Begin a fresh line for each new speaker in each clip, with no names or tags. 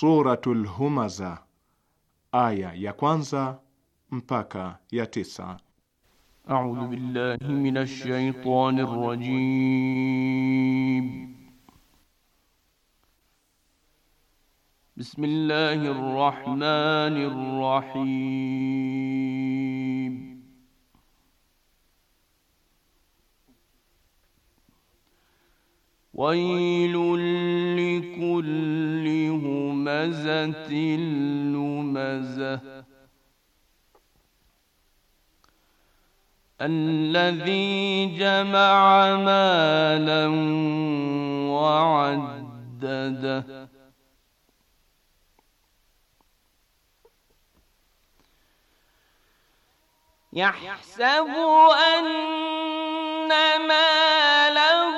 Suratul Humaza, aya ya kwanza mpaka ya tisa.
A'udhu billahi minash shaitani rrajim. Bismillahir rahmanir rahim ويل لكل همزة لمزة الذي جمع مالا وعدده يحسب أن ماله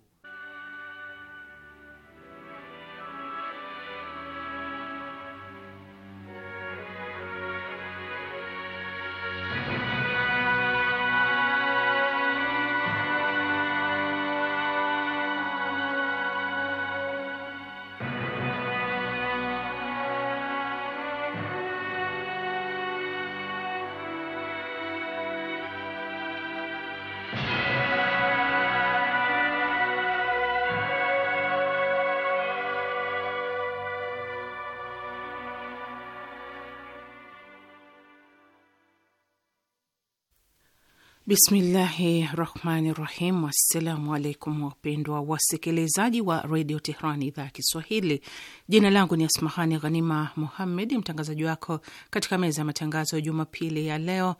Bismillahi rahmani rahim. Assalamu alaikum wapendwa wasikilizaji wa redio Tehrani, idhaa ya Kiswahili. Jina langu ni Asmahani Ghanima Muhammed, mtangazaji wako katika meza ya matangazo ya Jumapili ya leo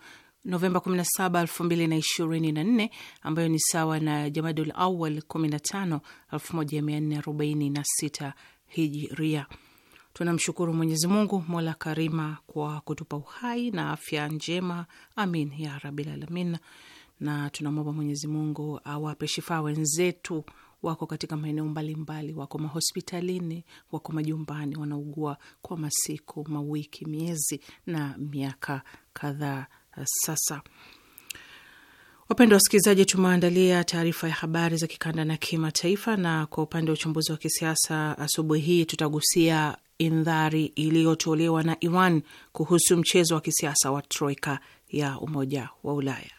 Novemba 17, 2024 ambayo ni sawa na Jamadul Awal 15, 1446 hijiria. Tunamshukuru Mwenyezi Mungu mola karima kwa kutupa uhai na afya njema, amin ya rabil alamin. Na tunamwomba Mwenyezi Mungu awape shifa wenzetu wako katika maeneo mbalimbali, wako mahospitalini, wako majumbani, wanaugua kwa masiku, mawiki, miezi na miaka kadhaa sasa. Wapendwa wasikilizaji, tumeandalia taarifa ya habari za kikanda na kimataifa, na kwa upande wa uchambuzi wa kisiasa asubuhi hii tutagusia indhari iliyotolewa na Iran kuhusu mchezo wa kisiasa wa troika ya Umoja wa Ulaya.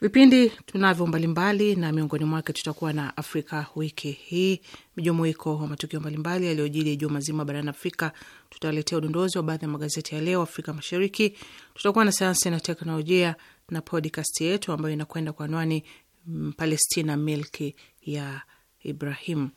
Vipindi tunavyo mbalimbali na miongoni mwake tutakuwa na Afrika wiki hii, mjumuiko wa matukio mbalimbali yaliyojili juma zima barani Afrika. Tutaletea udondozi wa baadhi ya magazeti ya leo Afrika Mashariki, tutakuwa na sayansi na teknolojia na podcast yetu ambayo inakwenda kwa anwani mm, Palestina, milki ya Ibrahim.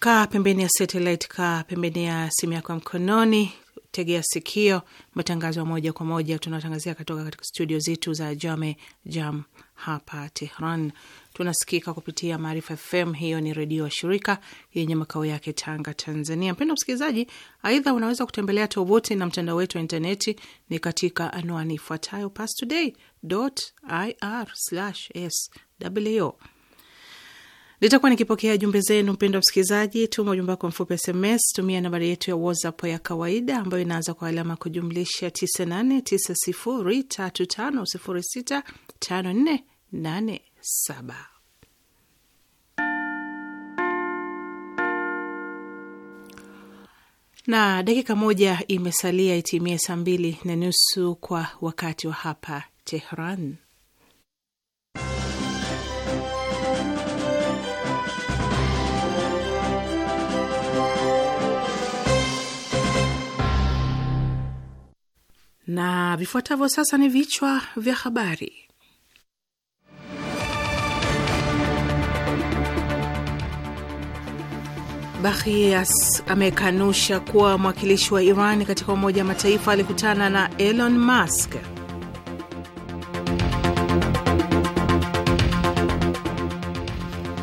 Kaa pembeni ya satellite, kaa pembeni ya simu yako ya mkononi, tegea sikio matangazo ya moja kwa moja tunatangazia kutoka katika studio zetu za Jame Jam hapa Tehran. Tunasikika kupitia Maarifa FM, hiyo ni redio wa shirika yenye makao yake Tanga, Tanzania. Mpendo msikilizaji, aidha unaweza kutembelea tovuti na mtandao wetu wa intaneti, ni katika anwani ifuatayo pastoday.ir/sw litakuwa nikipokea jumbe zenu, mpendo wa msikilizaji. Tuma ujumbe wako mfupi SMS, tumia nambari yetu ya WhatsApp ya kawaida ambayo inaanza kwa alama kujumlisha 989035065487. Na dakika moja imesalia itimie saa mbili na nusu kwa wakati wa hapa Tehran. na vifuatavyo sasa ni vichwa vya habari. Bahias amekanusha kuwa mwakilishi wa Iran katika Umoja wa Mataifa alikutana na Elon Musk.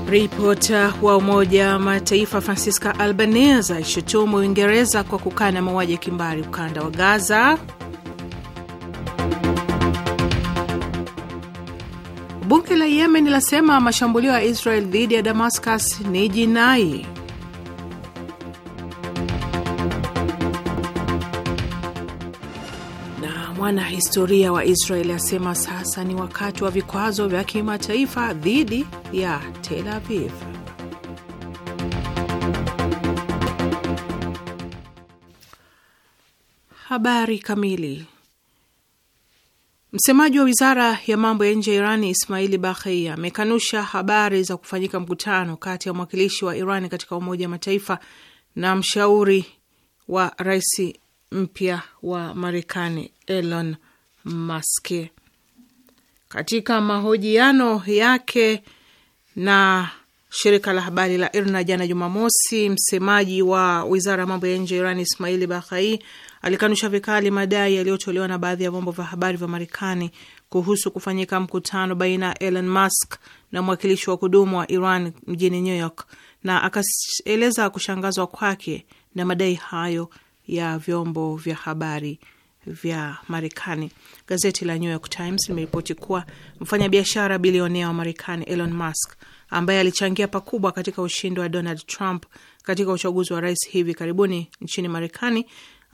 Ripota wa Umoja wa Mataifa Francisca Albanese aishutumu Uingereza kwa kukana mauaji ya kimbari ukanda wa Gaza. Bunge la Yemen lasema mashambulio ya Israel dhidi ya Damascus ni jinai. Na mwanahistoria wa Israel asema sasa ni wakati wa vikwazo vya kimataifa dhidi ya Tel Aviv. Habari kamili. Msemaji wa wizara ya mambo ya nje ya Irani Ismaili Bakhei amekanusha habari za kufanyika mkutano kati ya mwakilishi wa iran katika Umoja wa Mataifa na mshauri wa rais mpya wa Marekani Elon Musk. Katika mahojiano yake na shirika la habari la IRNA jana Jumamosi, msemaji wa wizara ya mambo ya nje ya Irani Ismaili Bakhai alikanusha vikali madai yaliyotolewa na baadhi ya vyombo vya habari vya Marekani kuhusu kufanyika mkutano baina ya Elon Musk na mwakilishi wa kudumu wa Iran mjini New York, na akaeleza kushangazwa kwake na madai hayo ya vyombo vya habari vya Marekani. Gazeti la New York Times limeripoti kuwa mfanyabiashara bilionea wa Marekani Elon Musk, ambaye alichangia pakubwa katika ushindi wa Donald Trump katika uchaguzi wa rais hivi karibuni nchini Marekani,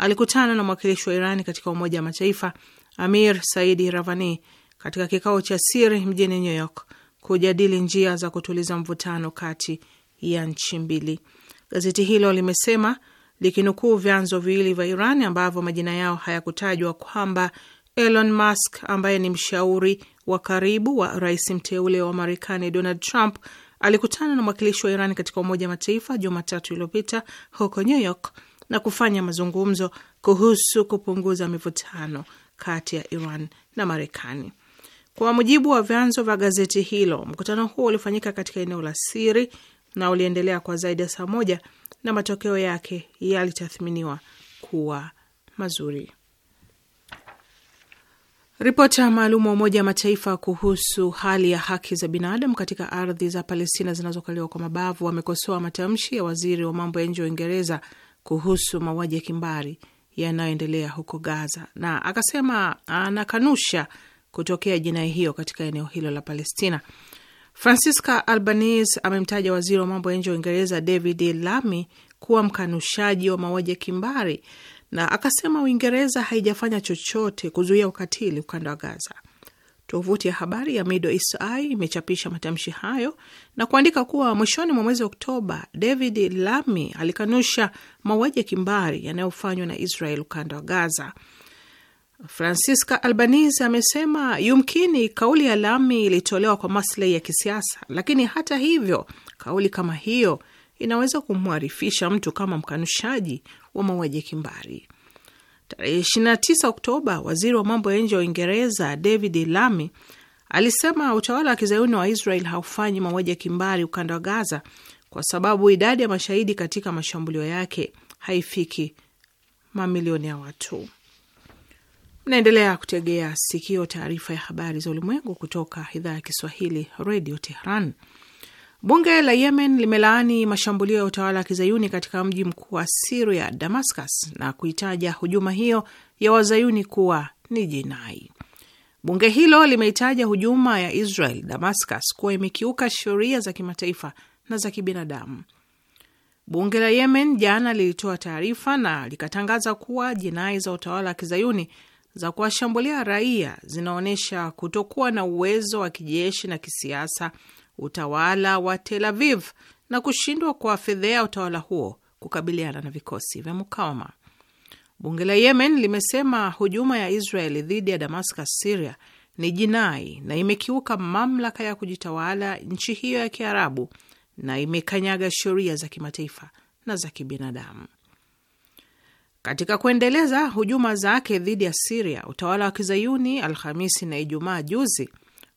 alikutana na mwakilishi wa iran katika Umoja wa Mataifa Amir Saidi Ravani katika kikao cha siri mjini New York kujadili njia za kutuliza mvutano kati ya nchi mbili. Gazeti hilo limesema likinukuu vyanzo viwili vya Iran ambavyo majina yao hayakutajwa kwamba Elon Musk ambaye ni mshauri wa karibu wa rais mteule wa Marekani Donald Trump alikutana na mwakilishi wa Iran katika Umoja wa Mataifa Jumatatu iliyopita huko New York na kufanya mazungumzo kuhusu kupunguza mivutano kati ya Iran na Marekani. Kwa mujibu wa vyanzo vya gazeti hilo, mkutano huo ulifanyika katika eneo la siri na uliendelea kwa zaidi ya saa moja na matokeo yake yalitathminiwa kuwa mazuri. ya maalum wa Umoja wa Mataifa kuhusu hali ya haki za binadamu katika ardhi za Palestina zinazokaliwa kwa mabavu wamekosoa matamshi ya waziri wa mambo ya nje wa Uingereza kuhusu mauaji ya kimbari yanayoendelea huko Gaza, na akasema anakanusha kutokea jinai hiyo katika eneo hilo la Palestina. Francisca Albanese amemtaja waziri wa mambo ya nje wa Uingereza David Lammy kuwa mkanushaji wa mauaji ya kimbari na akasema Uingereza haijafanya chochote kuzuia ukatili ukanda wa Gaza. Tovuti ya habari ya Middle East Eye imechapisha matamshi hayo na kuandika kuwa mwishoni mwa mwezi Oktoba, David Lami alikanusha mauaji ya kimbari yanayofanywa na Israel ukanda wa Gaza. Francisca Albanese amesema yumkini kauli ya Lami ilitolewa kwa maslahi ya kisiasa, lakini hata hivyo kauli kama hiyo inaweza kumwarifisha mtu kama mkanushaji wa mauaji ya kimbari. Tarehe 29 Oktoba, waziri wa mambo ya nje wa Uingereza David Lammy alisema utawala wa kizayuni wa Israel haufanyi mauaji ya kimbari ukanda wa Gaza kwa sababu idadi ya mashahidi katika mashambulio yake haifiki mamilioni ya watu. Mnaendelea kutegea sikio taarifa ya habari za ulimwengu kutoka idhaa ya Kiswahili, Redio Tehran. Bunge la Yemen limelaani mashambulio ya utawala wa kizayuni katika mji mkuu wa Siria, Damascus, na kuitaja hujuma hiyo ya wazayuni kuwa ni jinai. Bunge hilo limeitaja hujuma ya Israel Damascus kuwa imekiuka sheria za kimataifa na za kibinadamu. Bunge la Yemen jana lilitoa taarifa na likatangaza kuwa jinai za utawala wa kizayuni za kuwashambulia raia zinaonyesha kutokuwa na uwezo wa kijeshi na kisiasa utawala wa Tel Aviv na kushindwa kuwafedhea utawala huo kukabiliana na vikosi vya mukawama. Bunge la Yemen limesema hujuma ya Israel dhidi ya Damascus, Syria ni jinai na imekiuka mamlaka ya kujitawala nchi hiyo ya Kiarabu na imekanyaga sheria za kimataifa na za kibinadamu. Katika kuendeleza hujuma zake dhidi ya Siria, utawala wa kizayuni Alhamisi na Ijumaa juzi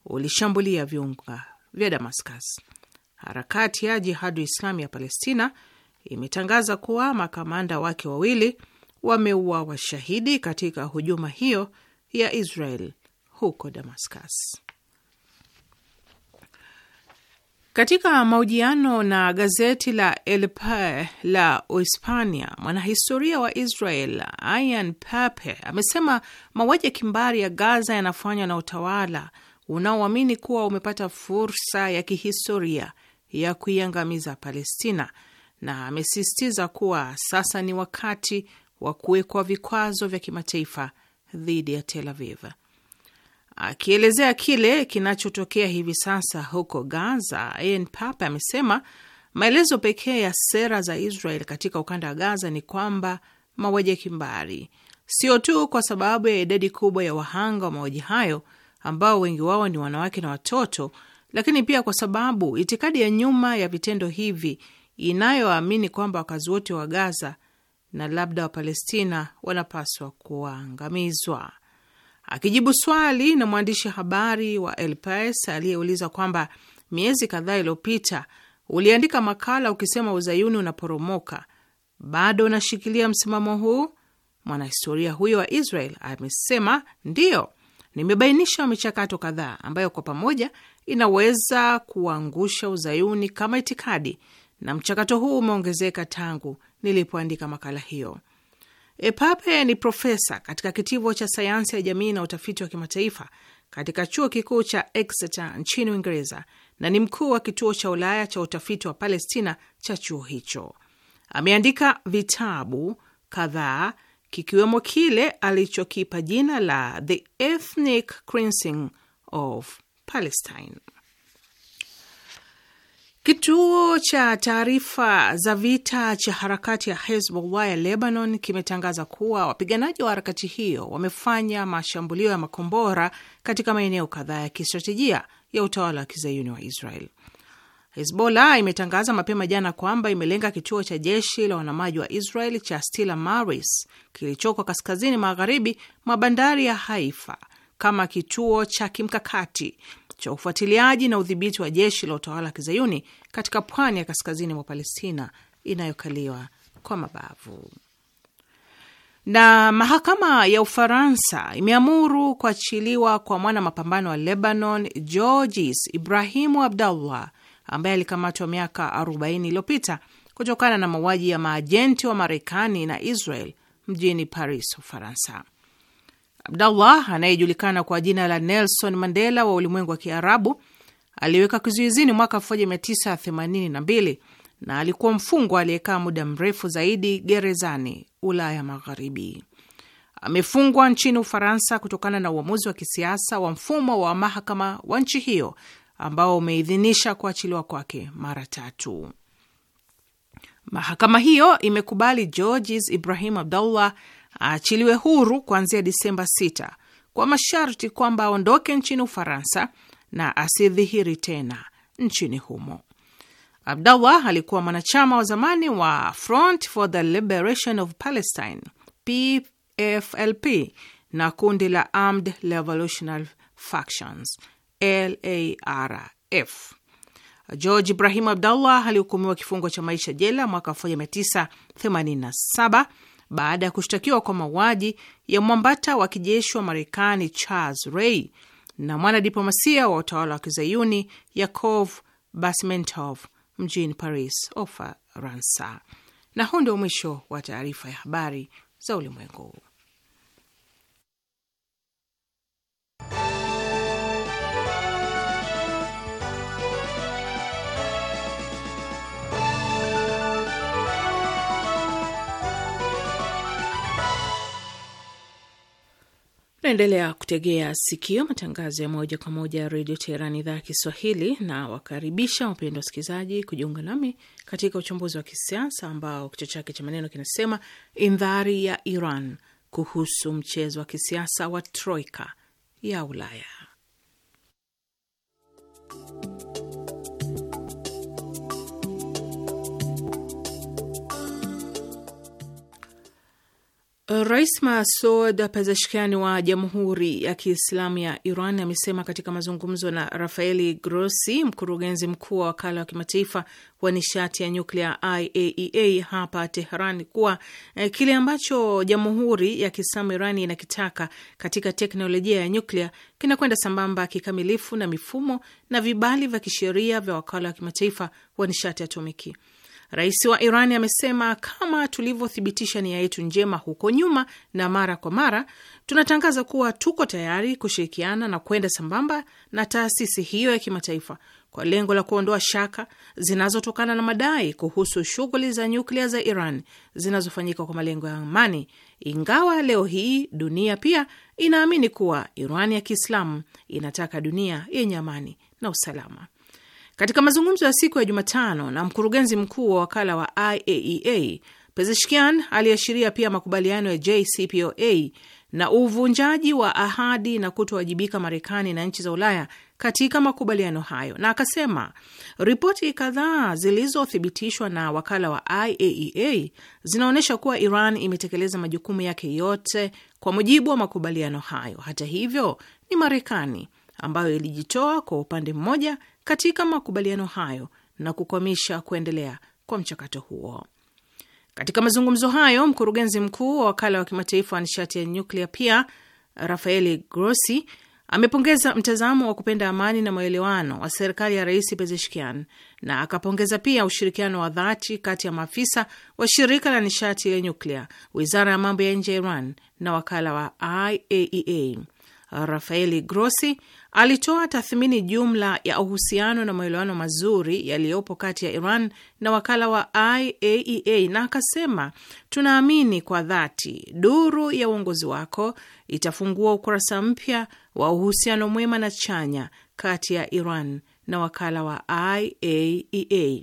ulishambulia viunga vya Damascus. Harakati ya Jihadu Islami ya Palestina imetangaza kuwa makamanda wake wawili wameua washahidi katika hujuma hiyo ya Israel huko Damascus. Katika mahojiano na gazeti la El la Uhispania, mwanahistoria wa Israel Ian Pape amesema mauaji ya kimbari ya Gaza yanafanywa na utawala unaoamini kuwa umepata fursa ya kihistoria ya kuiangamiza Palestina, na amesisitiza kuwa sasa ni wakati wa kuwekwa vikwazo vya kimataifa dhidi ya Tel Aviv, akielezea kile kinachotokea hivi sasa huko Gaza. Ian Pappe amesema maelezo pekee ya sera za Israel katika ukanda wa Gaza ni kwamba mauaji ya kimbari, sio tu kwa sababu ya idadi kubwa ya wahanga wa mauaji hayo ambao wengi wao ni wanawake na watoto, lakini pia kwa sababu itikadi ya nyuma ya vitendo hivi inayoamini kwamba wakazi wote wa Gaza na labda Wapalestina wanapaswa kuangamizwa. Akijibu swali na mwandishi habari wa El Pais aliyeuliza kwamba miezi kadhaa iliyopita uliandika makala ukisema uzayuni unaporomoka, bado unashikilia msimamo huu, mwanahistoria huyo wa Israel amesema ndiyo, nimebainisha michakato kadhaa ambayo kwa pamoja inaweza kuangusha uzayuni kama itikadi, na mchakato huu umeongezeka tangu nilipoandika makala hiyo. E, Pape ni profesa katika kitivo cha sayansi ya jamii na utafiti wa kimataifa katika chuo kikuu cha Exeter nchini Uingereza na ni mkuu wa kituo cha Ulaya cha utafiti wa Palestina cha chuo hicho. Ameandika vitabu kadhaa kikiwemo kile alichokipa jina la The Ethnic Cleansing of Palestine. Kituo cha taarifa za vita cha harakati ya Hezbollah ya Lebanon kimetangaza kuwa wapiganaji wa harakati hiyo wamefanya mashambulio ya makombora katika maeneo kadhaa ya kistratejia ya utawala wa kizayuni wa Israel. Hezbollah imetangaza mapema jana kwamba imelenga kituo cha jeshi la wanamaji wa Israel cha stila Maris kilichoko kaskazini magharibi mwa bandari ya Haifa kama kituo cha kimkakati cha ufuatiliaji na udhibiti wa jeshi la utawala wa kizayuni katika pwani ya kaskazini mwa Palestina inayokaliwa kwa mabavu. Na mahakama ya Ufaransa imeamuru kuachiliwa kwa mwana mapambano wa Lebanon Georges Ibrahimu Abdallah ambaye alikamatwa miaka 40 iliyopita kutokana na mauaji ya maajenti wa Marekani na Israel mjini Paris, Ufaransa. Abdallah anayejulikana kwa jina la Nelson Mandela wa ulimwengu wa Kiarabu aliweka kizuizini mwaka 1982 na alikuwa mfungwa aliyekaa muda mrefu zaidi gerezani Ulaya Magharibi. Amefungwa nchini Ufaransa kutokana na uamuzi wa kisiasa wa mfumo wa mahakama wa nchi hiyo ambao umeidhinisha kuachiliwa kwake mara tatu. Mahakama hiyo imekubali Georges Ibrahim Abdullah aachiliwe huru kuanzia Disemba 6 kwa masharti kwamba aondoke nchini Ufaransa na asidhihiri tena nchini humo. abdullah alikuwa mwanachama wa zamani wa Front for the Liberation of Palestine, PFLP, na kundi la Armed Revolutionary Factions LARF. George Ibrahim Abdullah alihukumiwa kifungo cha maisha jela mwaka 1987 baada ya kushtakiwa kwa mauaji ya mwambata wa kijeshi wa Marekani Charles Ray na mwanadiplomasia wa utawala wa kizayuni Yakov Basmentov mjini Paris, Ufaransa. Na huu ndio mwisho wa taarifa ya habari za ulimwengu. Naendelea kutegea sikio matangazo ya moja kwa moja ya redio Teherani, idhaa ya Kiswahili, na wakaribisha wapendwa wasikilizaji kujiunga nami katika uchambuzi wa kisiasa ambao kichwa chake cha maneno kinasema indhari ya Iran kuhusu mchezo wa kisiasa wa troika ya Ulaya. Rais Masoud Pezeshkian wa Jamhuri ya Kiislamu ya Iran amesema katika mazungumzo na Rafaeli Grossi, mkurugenzi mkuu wa wakala wa kimataifa wa nishati ya nyuklia IAEA e hapa Tehran, kuwa eh, kile ambacho Jamhuri ya Kiislamu iran inakitaka katika teknolojia ya nyuklia kinakwenda sambamba kikamilifu na mifumo na vibali vya kisheria vya wakala wa kimataifa wa nishati atomiki. Rais wa Iran amesema kama tulivyothibitisha nia yetu njema huko nyuma na mara kwa mara, tunatangaza kuwa tuko tayari kushirikiana na kwenda sambamba na taasisi hiyo ya kimataifa kwa lengo la kuondoa shaka zinazotokana na madai kuhusu shughuli za nyuklia za Iran zinazofanyika kwa malengo ya amani, ingawa leo hii dunia pia inaamini kuwa Iran ya Kiislamu inataka dunia yenye amani na usalama. Katika mazungumzo ya siku ya Jumatano na mkurugenzi mkuu wa wakala wa IAEA, e Pezeshkian aliashiria pia makubaliano ya JCPOA na uvunjaji wa ahadi na kutowajibika Marekani na nchi za Ulaya katika makubaliano hayo, na akasema ripoti kadhaa zilizothibitishwa na wakala wa IAEA e zinaonyesha kuwa Iran imetekeleza majukumu yake yote kwa mujibu wa makubaliano hayo. Hata hivyo, ni Marekani ambayo ilijitoa kwa upande mmoja katika makubaliano hayo na kukwamisha kuendelea kwa mchakato huo. Katika mazungumzo hayo, mkurugenzi mkuu wa wakala wa kimataifa wa nishati ya nyuklia pia Rafaeli Grossi amepongeza mtazamo wa kupenda amani na maelewano wa serikali ya Rais Pezeshkian na akapongeza pia ushirikiano wa dhati kati ya maafisa wa shirika la nishati ya nyuklia, wizara ya mambo ya nje ya Iran na wakala wa IAEA. E Rafaeli Grossi Alitoa tathmini jumla ya uhusiano na maelewano mazuri yaliyopo kati ya Iran na wakala wa IAEA e na akasema, tunaamini kwa dhati duru ya uongozi wako itafungua ukurasa mpya wa uhusiano mwema na chanya kati ya Iran na wakala wa IAEA. E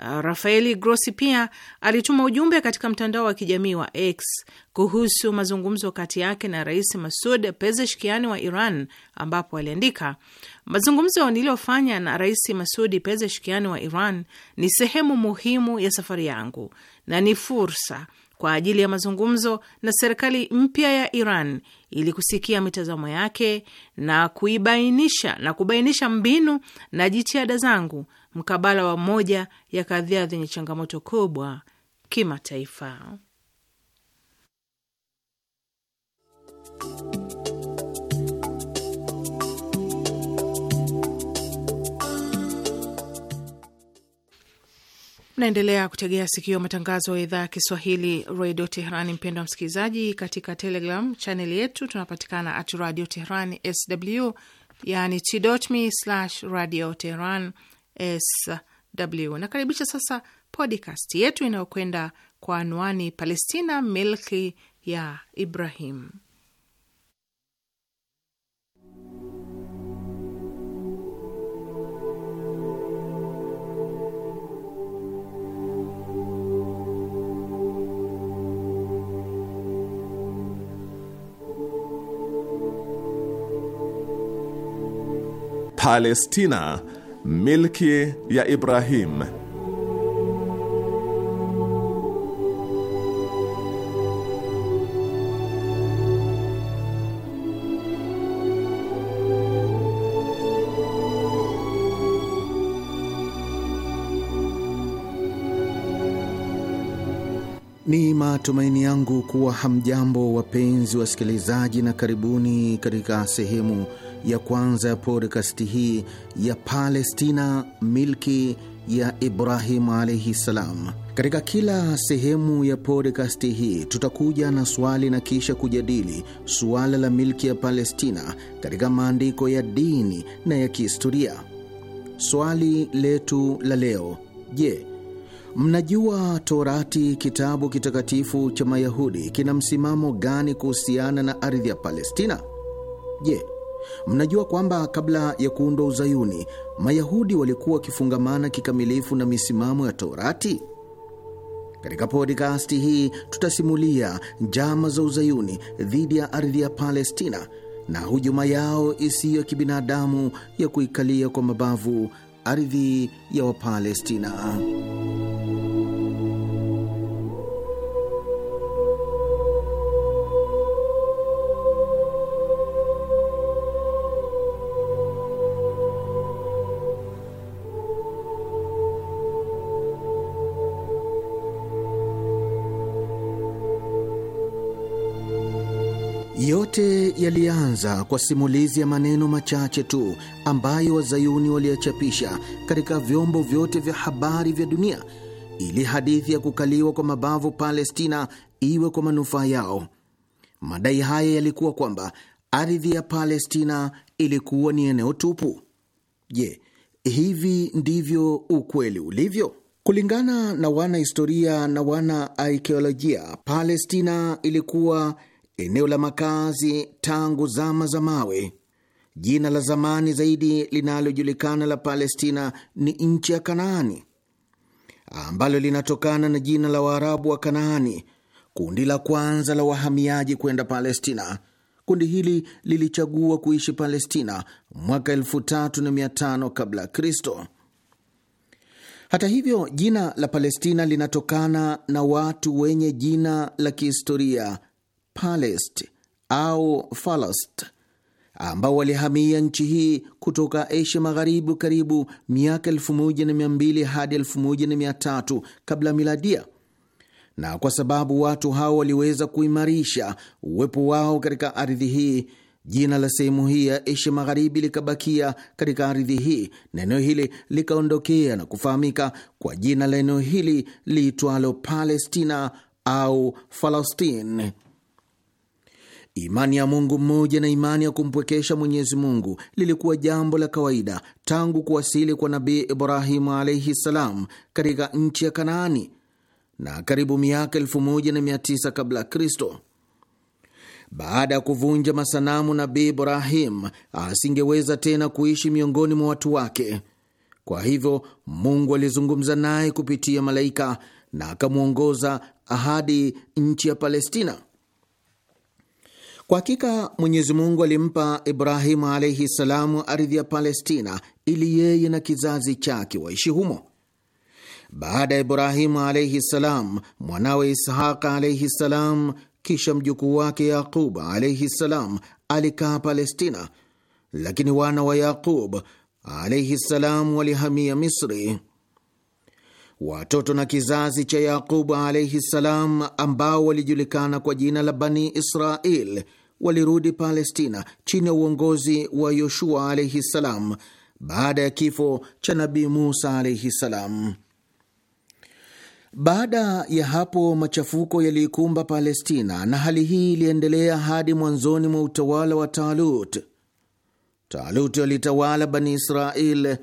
Uh, Rafaeli Grossi pia alituma ujumbe katika mtandao wa kijamii wa X kuhusu mazungumzo kati yake na Rais Masud Pezeshkiani wa Iran, ambapo aliandika, mazungumzo niliyofanya na Rais Masud Pezeshkiani wa Iran ni sehemu muhimu ya safari yangu na ni fursa kwa ajili ya mazungumzo na serikali mpya ya Iran ili kusikia mitazamo yake na kuibainisha na kubainisha mbinu na jitihada zangu mkabala wa moja ya kadhia zenye changamoto kubwa kimataifa. Naendelea kutegea sikio matangazo ya idhaa ya Kiswahili teheran mpendo Mpendwa msikilizaji, katika Telegram chaneli yetu tunapatikana at radio Tehran sw, yani t.me slash radio Tehran sw. Nakaribisha sasa podcast yetu inayokwenda kwa anwani Palestina, milki ya Ibrahim.
Palestina Milki ya Ibrahim. Ni matumaini yangu kuwa hamjambo wapenzi wasikilizaji, na karibuni katika sehemu ya kwanza ya podcast hii ya Palestina, milki ya Ibrahimu alaihi ssalam. Katika kila sehemu ya podkasti hii tutakuja na swali na kisha kujadili suala la milki ya Palestina katika maandiko ya dini na ya kihistoria. Swali letu la leo: je, mnajua Torati, kitabu kitakatifu cha Mayahudi, kina msimamo gani kuhusiana na ardhi ya Palestina? Je, Mnajua kwamba kabla ya kuundwa Uzayuni, Mayahudi walikuwa wakifungamana kikamilifu na misimamo ya Torati. Katika podikasti hii tutasimulia njama za Uzayuni dhidi ya ardhi ya Palestina na hujuma yao isiyo ya kibinadamu ya kuikalia kwa mabavu ardhi ya Wapalestina. Yote yalianza kwa simulizi ya maneno machache tu ambayo wazayuni waliyachapisha katika vyombo vyote vya habari vya dunia ili hadithi ya kukaliwa kwa mabavu Palestina iwe kwa manufaa yao. Madai haya yalikuwa kwamba ardhi ya Palestina ilikuwa ni eneo tupu. Je, hivi ndivyo ukweli ulivyo? Kulingana na wanahistoria na wana arkeolojia, Palestina ilikuwa eneo la makazi tangu zama za mawe. Jina la zamani zaidi linalojulikana la Palestina ni nchi ya Kanaani, ambalo linatokana na jina la Waarabu wa Kanaani, kundi la kwanza la wahamiaji kwenda Palestina. Kundi hili lilichagua kuishi Palestina mwaka 35 kabla ya Kristo. Hata hivyo, jina la Palestina linatokana na watu wenye jina la kihistoria Palest au Falast ambao walihamia nchi hii kutoka Asia Magharibi karibu miaka 1200 hadi 1300 kabla miladia, na kwa sababu watu hao waliweza kuimarisha uwepo wao katika ardhi hii, jina la sehemu hii ya Asia Magharibi likabakia katika ardhi hii na eneo hili likaondokea na kufahamika kwa jina la eneo hili liitwalo Palestina au Falastin. Imani ya Mungu mmoja na imani ya kumpwekesha Mwenyezi Mungu lilikuwa jambo la kawaida tangu kuwasili kwa Nabii Ibrahimu alaihi ssalam katika nchi ya Kanaani na karibu miaka 1900 kabla ya Kristo. Baada ya kuvunja masanamu, Nabii Ibrahim asingeweza tena kuishi miongoni mwa watu wake. Kwa hivyo, Mungu alizungumza naye kupitia malaika na akamwongoza ahadi nchi ya Palestina. Kwa hakika Mwenyezi Mungu alimpa Ibrahimu alaihi salamu ardhi ya Palestina ili yeye na kizazi chake waishi humo. Baada ya Ibrahimu alaihi salam, mwanawe Ishaqa alaihi salam, kisha mjukuu wake Yaqub alaihi salam alikaa Palestina, lakini wana wa Yaqub alaihi salam walihamia Misri watoto na kizazi cha Yaqubu alaihi ssalam, ambao walijulikana kwa jina la Bani Israil, walirudi Palestina chini ya uongozi wa Yoshua alaihi ssalam baada ya kifo cha Nabii Musa alaihi ssalam. Baada ya hapo machafuko yaliikumba Palestina na hali hii iliendelea hadi mwanzoni mwa utawala wa Talut. Talut alitawala Bani Israel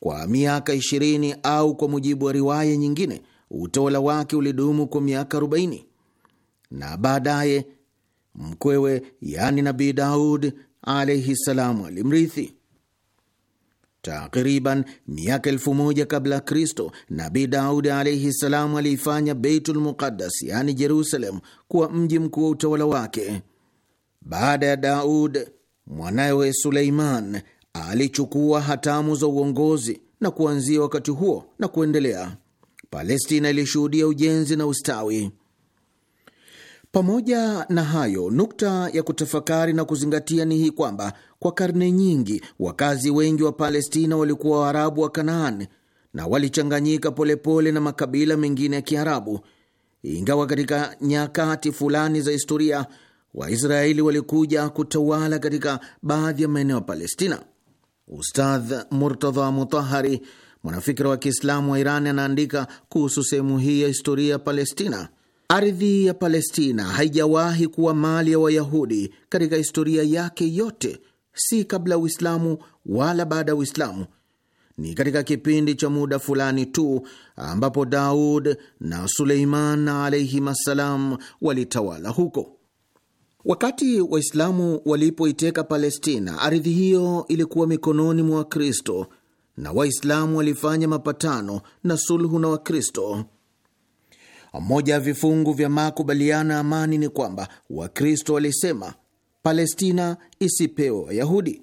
kwa miaka 20 au kwa mujibu wa riwaya nyingine utawala wake ulidumu kwa miaka 40 na baadaye mkwewe yani Nabii Daud alaihi salamu alimrithi. Takriban miaka elfu moja kabla ya Kristo, Nabii Daudi alaihi salamu aliifanya Beitul Muqaddas yani Jerusalem kuwa mji mkuu wa utawala wake. Baada ya Daud mwanawe Suleiman alichukua hatamu za uongozi na kuanzia wakati huo na kuendelea, Palestina ilishuhudia ujenzi na ustawi. Pamoja na hayo, nukta ya kutafakari na kuzingatia ni hii kwamba kwa karne nyingi wakazi wengi wa Palestina walikuwa Waarabu wa Kanaani na walichanganyika polepole na makabila mengine ya Kiarabu, ingawa katika nyakati fulani za historia Waisraeli walikuja kutawala katika baadhi ya maeneo ya Palestina. Ustadh Murtadha Mutahari, mwanafikira wa Kiislamu wa Iran, anaandika kuhusu sehemu hii ya historia ya Palestina. Ardhi ya Palestina haijawahi kuwa mali ya Wayahudi katika historia yake yote, si kabla ya Uislamu wala baada ya Uislamu. Ni katika kipindi cha muda fulani tu ambapo Daud na Suleiman alaihim assalam walitawala huko. Wakati Waislamu walipoiteka Palestina, ardhi hiyo ilikuwa mikononi mwa Wakristo na Waislamu walifanya mapatano na sulhu na Wakristo. Moja ya vifungu vya makubaliano ya amani ni kwamba Wakristo walisema Palestina isipewe Wayahudi.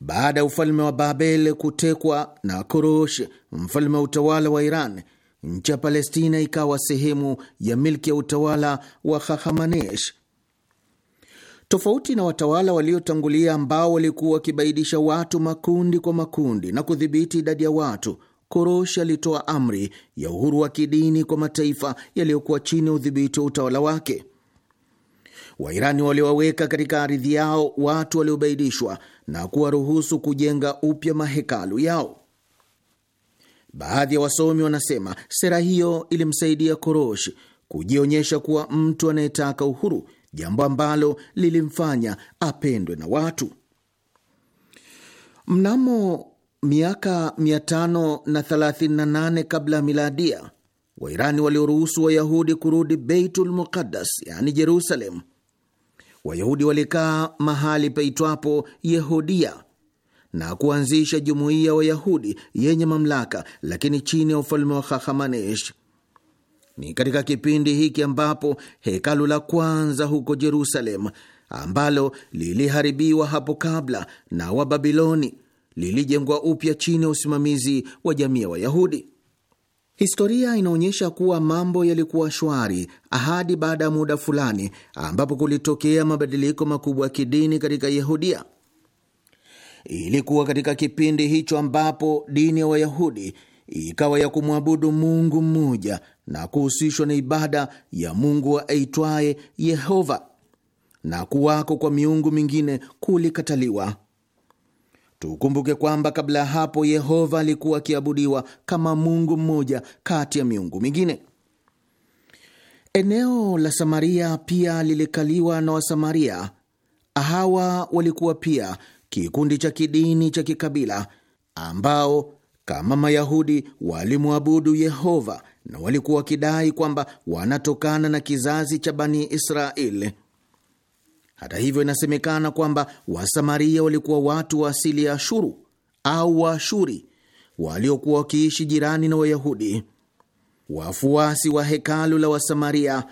Baada ya ufalme wa Babel kutekwa na Kurush, mfalme wa utawala wa Iran, nchi ya Palestina ikawa sehemu ya milki ya utawala wa Hahamanesh Tofauti na watawala waliotangulia ambao walikuwa wakibaidisha watu makundi kwa makundi na kudhibiti idadi ya watu, Korosh alitoa amri ya uhuru wa kidini kwa mataifa yaliyokuwa chini ya udhibiti wa utawala wake. Wairani waliwaweka katika ardhi yao watu waliobaidishwa na kuwaruhusu kujenga upya mahekalu yao. Baadhi ya wasomi wanasema sera hiyo ilimsaidia Korosh kujionyesha kuwa mtu anayetaka uhuru jambo ambalo lilimfanya apendwe na watu. Mnamo miaka 538 kabla ya miladia, Wairani walioruhusu Wayahudi kurudi Beitul Muqaddas, yani Jerusalem. Wayahudi walikaa mahali peitwapo Yehudia na kuanzisha jumuiya Wayahudi yenye mamlaka, lakini chini ya ufalme wa hahamanesh ni katika kipindi hiki ambapo hekalu la kwanza huko Jerusalem ambalo liliharibiwa hapo kabla na Wababiloni lilijengwa upya chini ya usimamizi wa jamii ya Wayahudi. Historia inaonyesha kuwa mambo yalikuwa shwari hadi baada ya muda fulani ambapo kulitokea mabadiliko makubwa ya kidini katika Yehudia. Ilikuwa katika kipindi hicho ambapo dini ya Wayahudi ikawa ya kumwabudu Mungu mmoja na kuhusishwa na ibada ya Mungu aitwaye Yehova, na kuwako kwa miungu mingine kulikataliwa. Tukumbuke kwamba kabla ya hapo Yehova alikuwa akiabudiwa kama Mungu mmoja kati ya miungu mingine. Eneo la Samaria pia lilikaliwa na Wasamaria. Hawa walikuwa pia kikundi cha kidini cha kikabila ambao kama Mayahudi walimwabudu Yehova na walikuwa wakidai kwamba wanatokana na kizazi cha Bani Israeli. Hata hivyo, inasemekana kwamba Wasamaria walikuwa watu wa asili ya Ashuru au Waashuri waliokuwa wakiishi jirani na Wayahudi. Wafuasi wa hekalu la Wasamaria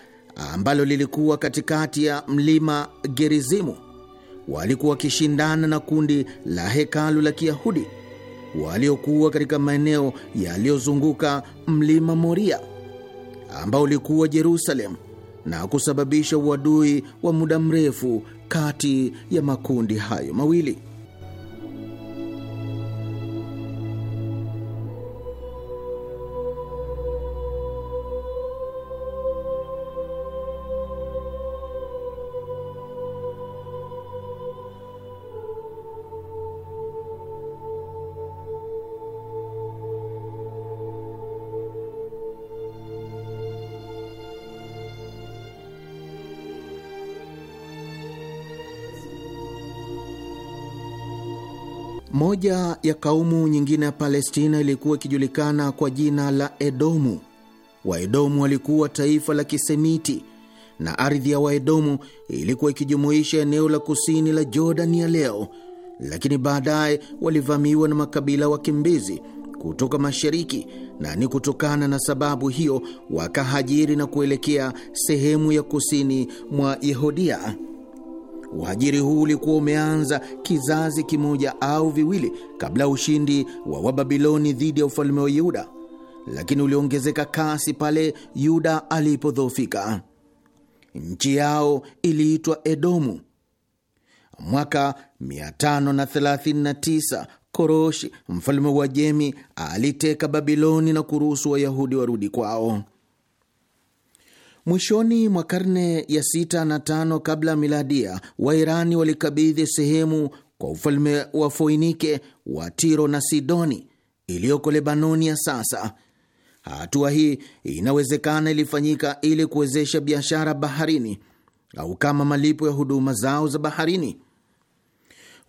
ambalo lilikuwa katikati ya mlima Gerizimu walikuwa wakishindana na kundi la hekalu la Kiyahudi waliokuwa katika maeneo yaliyozunguka mlima Moria ambao ulikuwa jerusalem na kusababisha uadui wa muda mrefu kati ya makundi hayo mawili. Moja ya kaumu nyingine ya Palestina ilikuwa ikijulikana kwa jina la Edomu. Waedomu walikuwa taifa la Kisemiti, na ardhi ya Waedomu ilikuwa ikijumuisha eneo la kusini la Jordani ya leo, lakini baadaye walivamiwa na makabila wakimbizi kutoka mashariki, na ni kutokana na sababu hiyo wakahajiri na kuelekea sehemu ya kusini mwa Yehudia. Uajiri huu ulikuwa umeanza kizazi kimoja au viwili kabla ya ushindi wa Wababiloni dhidi ya ufalme wa Yuda, lakini uliongezeka kasi pale Yuda alipodhoofika. Nchi yao iliitwa Edomu. Mwaka 539 Koroshi, mfalme wa Jemi, aliteka Babiloni na kuruhusu Wayahudi warudi kwao. Mwishoni mwa karne ya sita na tano kabla miladia, Wairani walikabidhi sehemu kwa ufalme wa Foinike wa Tiro na Sidoni iliyoko Lebanoni ya sasa. Hatua hii inawezekana ilifanyika ili kuwezesha biashara baharini au kama malipo ya huduma zao za baharini.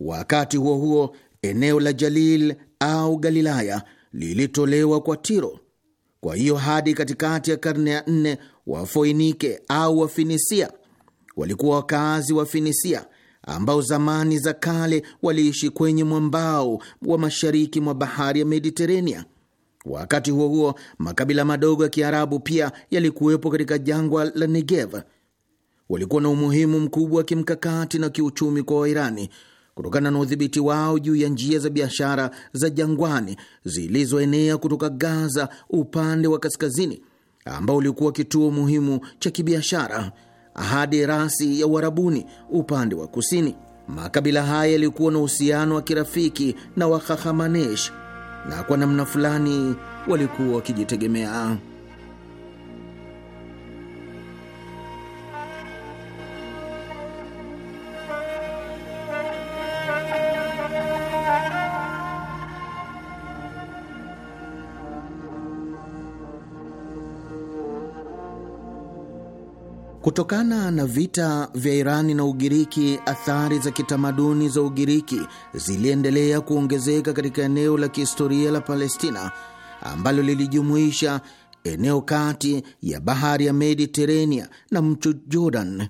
Wakati huo huo, eneo la Jalil au Galilaya lilitolewa kwa Tiro. Kwa hiyo hadi katikati ya karne ya nne Wafoinike au Wafinisia walikuwa wakaazi wa Finisia ambao zamani za kale waliishi kwenye mwambao wa mashariki mwa bahari ya Mediterania. Wakati huo huo, makabila madogo ya Kiarabu pia yalikuwepo katika jangwa la Negev. Walikuwa na umuhimu mkubwa wa kimkakati na kiuchumi kwa Wairani kutokana na udhibiti wao juu ya njia za biashara za jangwani zilizoenea kutoka Gaza upande wa kaskazini ambao ulikuwa kituo muhimu cha kibiashara hadi rasi ya Uarabuni upande wa kusini. Makabila haya yalikuwa na uhusiano wa kirafiki na Wakhahamanesh na kwa namna fulani walikuwa wakijitegemea. Kutokana na vita vya Irani na Ugiriki, athari za kitamaduni za Ugiriki ziliendelea kuongezeka katika eneo la kihistoria la Palestina ambalo lilijumuisha eneo kati ya bahari ya Mediterania na mto Jordan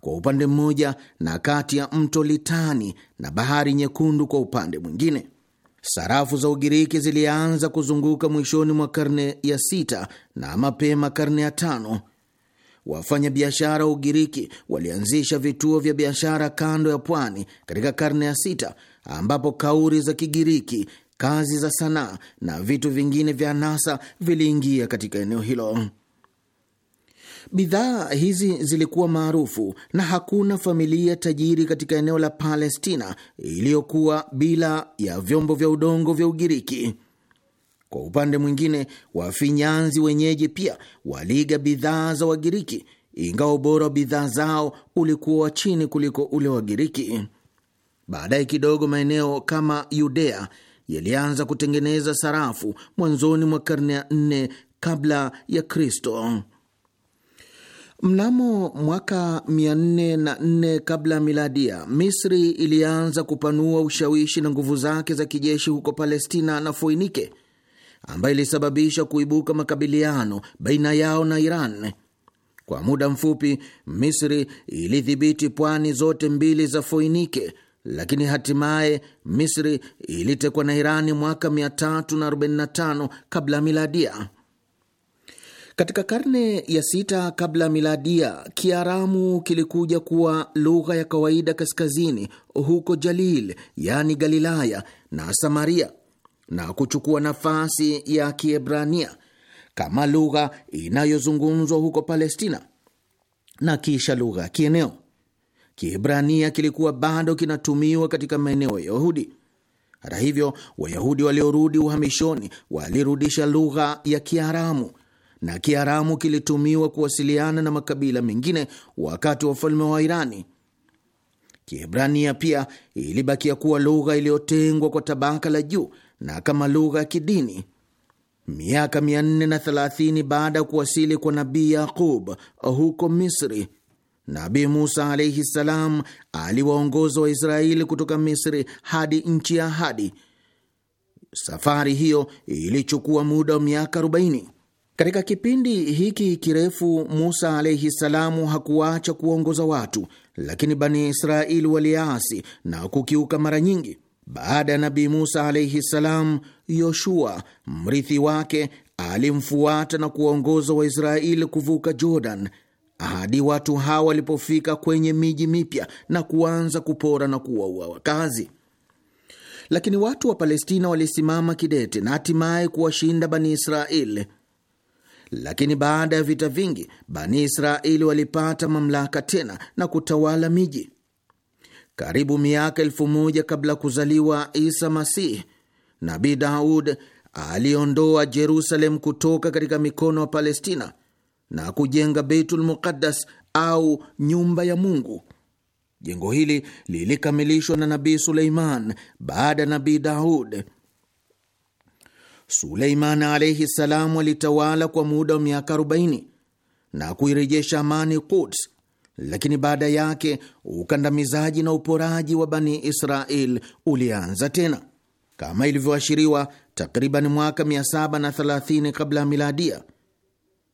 kwa upande mmoja na kati ya mto Litani na bahari Nyekundu kwa upande mwingine. Sarafu za Ugiriki zilianza kuzunguka mwishoni mwa karne ya sita na mapema karne ya tano. Wafanyabiashara wa Ugiriki walianzisha vituo vya biashara kando ya pwani katika karne ya sita, ambapo kauri za Kigiriki, kazi za sanaa na vitu vingine vya nasa viliingia katika eneo hilo. Bidhaa hizi zilikuwa maarufu na hakuna familia tajiri katika eneo la Palestina iliyokuwa bila ya vyombo vya udongo vya Ugiriki. Kwa upande mwingine, wafinyanzi wenyeji pia waliiga bidhaa za Wagiriki, ingawa ubora wa bidhaa zao ulikuwa wa chini kuliko ule wa Giriki. Baadaye kidogo, maeneo kama Yudea yalianza kutengeneza sarafu mwanzoni mwa karne ya nne kabla ya Kristo. Mnamo mwaka 404 kabla ya miladia, Misri ilianza kupanua ushawishi na nguvu zake za kijeshi huko Palestina na Foinike ambayo ilisababisha kuibuka makabiliano baina yao na Iran. Kwa muda mfupi, Misri ilidhibiti pwani zote mbili za Foinike, lakini hatimaye Misri ilitekwa na Irani mwaka 345 kabla miladia. Katika karne ya sita kabla miladia, Kiaramu kilikuja kuwa lugha ya kawaida kaskazini huko Jalil, yaani Galilaya na Samaria na kuchukua nafasi ya Kiebrania kama lugha inayozungumzwa huko Palestina na kisha lugha ya kieneo. Kiebrania kilikuwa bado kinatumiwa katika maeneo ya Yahudi. Hata hivyo, Wayahudi waliorudi uhamishoni walirudisha lugha ya Kiaramu na Kiaramu kilitumiwa kuwasiliana na makabila mengine wakati wa ufalme wa Irani. Kiebrania pia ilibakia kuwa lugha iliyotengwa kwa tabaka la juu na kama lugha ya kidini. Miaka 430 baada ya kuwasili kwa Nabii Yaqub huko Misri, Nabii Musa alaihi salam aliwaongoza Waisraeli kutoka Misri hadi nchi ya ahadi. Safari hiyo ilichukua muda wa miaka 40. Katika kipindi hiki kirefu, Musa alaihi salamu hakuwacha kuwaongoza watu, lakini Bani Israeli waliasi na kukiuka mara nyingi. Baada ya Nabii Musa alaihi salam Yoshua mrithi wake alimfuata na kuwaongoza Waisraeli kuvuka Jordan hadi watu hawa walipofika kwenye miji mipya na kuanza kupora na kuwaua wakazi. Lakini watu wa Palestina walisimama kidete na hatimaye kuwashinda Bani Israeli. Lakini baada ya vita vingi, Bani Israeli walipata mamlaka tena na kutawala miji karibu miaka elfu moja kabla ya kuzaliwa Isa Masih, Nabi Daud aliondoa Jerusalem kutoka katika mikono ya Palestina na kujenga Beitul Muqaddas au nyumba ya Mungu. Jengo hili lilikamilishwa na nabi Suleiman baada ya nabi Daud. Suleiman alaihi salamu alitawala kwa muda wa miaka 40 na kuirejesha amani Quds lakini baada yake ukandamizaji na uporaji wa Bani Israel ulianza tena kama ilivyoashiriwa takriban mwaka 730 kabla ya miladia.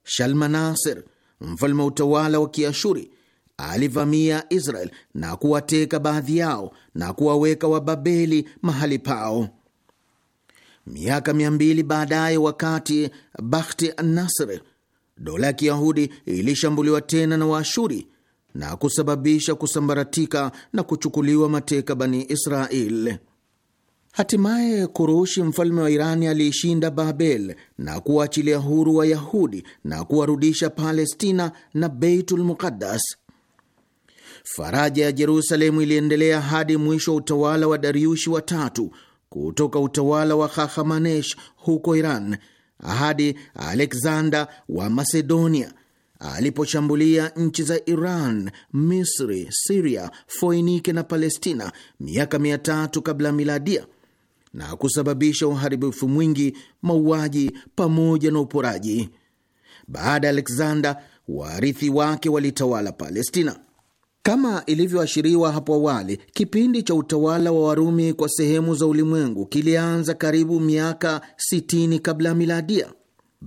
shalmanaser mfalme wa utawala wa Kiashuri, alivamia Israel na kuwateka baadhi yao na kuwaweka Wababeli mahali pao. Miaka mia mbili baadaye, wakati Bakhti Nasr, dola ya Kiyahudi ilishambuliwa tena na Waashuri na kusababisha kusambaratika na kuchukuliwa mateka Bani Israel. Hatimaye Kurushi, mfalme wa Irani, aliishinda Babel na kuwaachilia huru Wayahudi na kuwarudisha Palestina na Beitul Muqaddas. Faraja ya jerusalemu iliendelea hadi mwisho wa utawala wa Dariushi watatu kutoka utawala wa Khahamanesh huko Iran hadi Alexander wa Macedonia alipochambulia nchi za Iran, Misri, Siria, Foinike na Palestina miaka mia tatu kabla miladia na kusababisha uharibifu mwingi, mauaji pamoja na uporaji. Baada ya Alexander, warithi wake walitawala Palestina. Kama ilivyoashiriwa hapo awali, kipindi cha utawala wa Warumi kwa sehemu za ulimwengu kilianza karibu miaka 60 kabla ya miladia.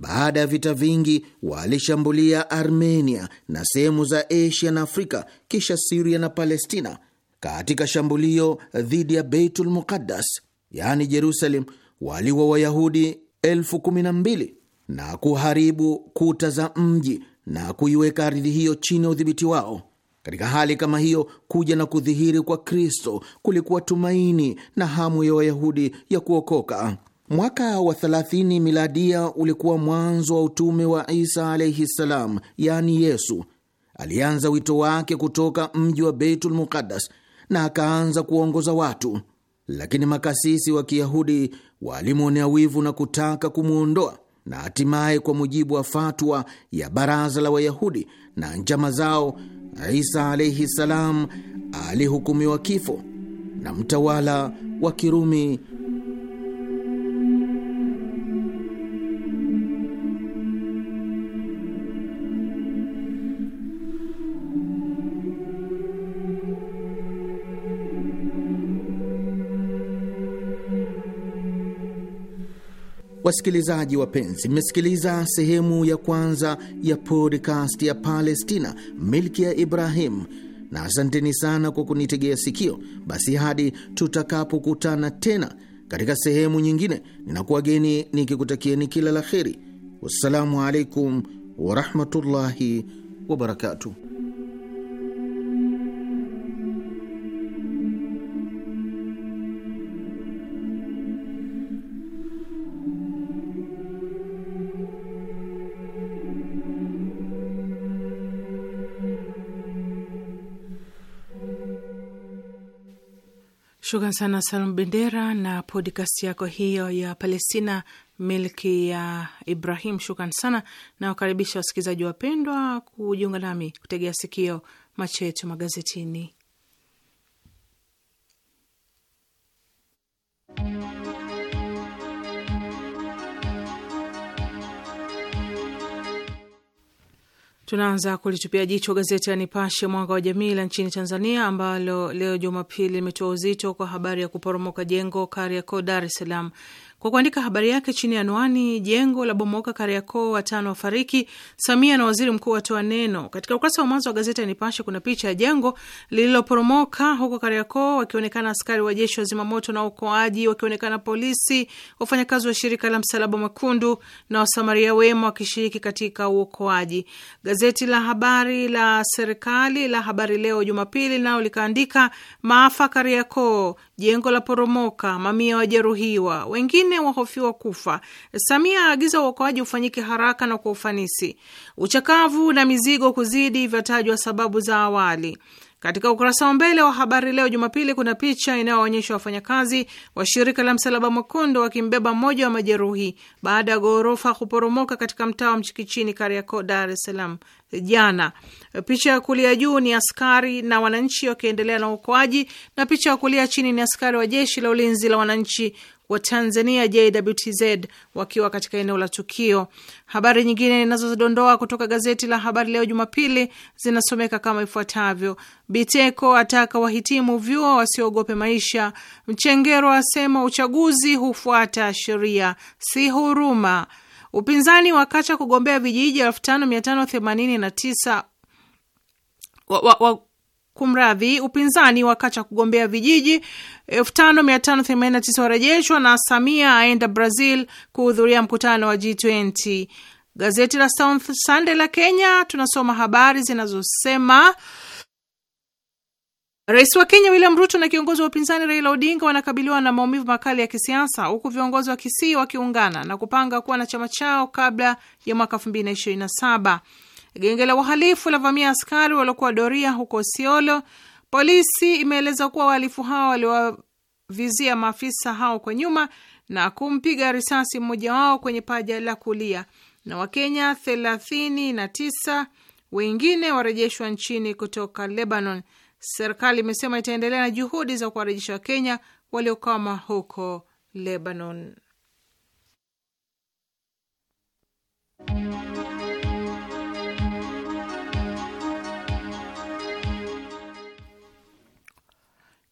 Baada ya vita vingi, walishambulia Armenia na sehemu za Asia na Afrika, kisha Siria na Palestina. Katika shambulio dhidi ya Beitul Muqaddas, yaani Jerusalem, waliwa Wayahudi elfu kumi na mbili na kuharibu kuta za mji na kuiweka ardhi hiyo chini ya udhibiti wao. Katika hali kama hiyo, kuja na kudhihiri kwa Kristo kulikuwa tumaini na hamu ya Wayahudi ya kuokoka. Mwaka wa 30 miladia ulikuwa mwanzo wa utume wa Isa alaihi ssalam, yani Yesu. Alianza wito wake kutoka mji wa Beitul Muqaddas na akaanza kuongoza watu, lakini makasisi wa Kiyahudi walimwonea wivu na kutaka kumwondoa, na hatimaye, kwa mujibu wa fatwa ya Baraza la Wayahudi na njama zao, Isa alaihi ssalam alihukumiwa kifo na mtawala wa Kirumi Wasikilizaji wapenzi, mmesikiliza sehemu ya kwanza ya podcast ya Palestina, milki ya Ibrahim, na asanteni sana kwa kunitegea sikio. Basi hadi tutakapokutana tena katika sehemu nyingine, ninakuwageni nikikutakieni kila la kheri. Wassalamu alaikum warahmatullahi wabarakatuh.
Shukran sana Salum Bendera na podcast yako hiyo ya Palestina, milki ya Ibrahim. Shukran sana na wakaribisha wasikilizaji wapendwa kujiunga nami kutegea sikio macho yetu magazetini. Tunaanza kulitupia jicho gazeti la Nipashe mwanga wa jamii la nchini Tanzania, ambalo leo Jumapili limetoa uzito kwa habari ya kuporomoka jengo Kariakoo, Dar es Salaam kwa kuandika habari yake chini ya anwani jengo la bomoka Kariakoo, watano wafariki, Samia na waziri mkuu watoa neno. Katika ukurasa wa mwanzo wa gazeti ya Nipashe kuna picha ya jengo lililoporomoka huko Kariakoo, wakionekana askari wa jeshi wa zimamoto na uokoaji, wakionekana polisi, wafanyakazi wa shirika la Msalaba Mwekundu na wasamaria wema wakishiriki katika uokoaji. Gazeti la habari la serikali la Habari Leo Jumapili nao likaandika maafa Kariakoo, jengo la poromoka, mamia wajeruhiwa, wengine wahofiwa kufa. Samia aagiza uokoaji ufanyike haraka na kwa ufanisi. Uchakavu na mizigo kuzidi vyatajwa sababu za awali. Katika ukurasa wa mbele wa habari leo Jumapili kuna picha inayoonyesha wafanyakazi wa shirika la Msalaba Mwekundu wakimbeba mmoja wa majeruhi baada ya ghorofa kuporomoka katika mtaa wa Mchikichini, Kariakoo, Dar es Salaam jana. Picha ya kulia juu ni askari na wananchi wakiendelea na uokoaji, na picha ya kulia chini ni askari wa jeshi la ulinzi la wananchi wa Tanzania JWTZ wakiwa katika eneo la tukio. Habari nyingine ninazozidondoa kutoka gazeti la Habari Leo Jumapili zinasomeka kama ifuatavyo: Biteko ataka wahitimu vyuo wasiogope maisha. Mchengero asema uchaguzi hufuata sheria, si huruma. Upinzani wakacha kugombea vijiji 5589 wa, wa, wa, Kumradhi, upinzani wakacha kugombea vijiji 5589 warejeshwa, na Samia aenda Brazil kuhudhuria mkutano wa G20. Gazeti la South Sunday la Kenya tunasoma habari zinazosema Rais wa Kenya William Ruto na kiongozi wa upinzani Raila Odinga wanakabiliwa na maumivu makali ya kisiasa huku viongozi wa Kisii wakiungana na kupanga kuwa na chama chao kabla ya mwaka 2027. Genge la wahalifu vamia askari waliokuwa doria huko Siolo. Polisi imeeleza kuwa wahalifu hao waliwavizia maafisa hao kwa nyuma na kumpiga risasi mmoja wao kwenye paja la kulia, na Wakenya 39 na tisa wengine warejeshwa nchini kutoka Lebanon. Serikali imesema itaendelea na juhudi za kuwarejesha Wakenya waliokwama huko Lebanon.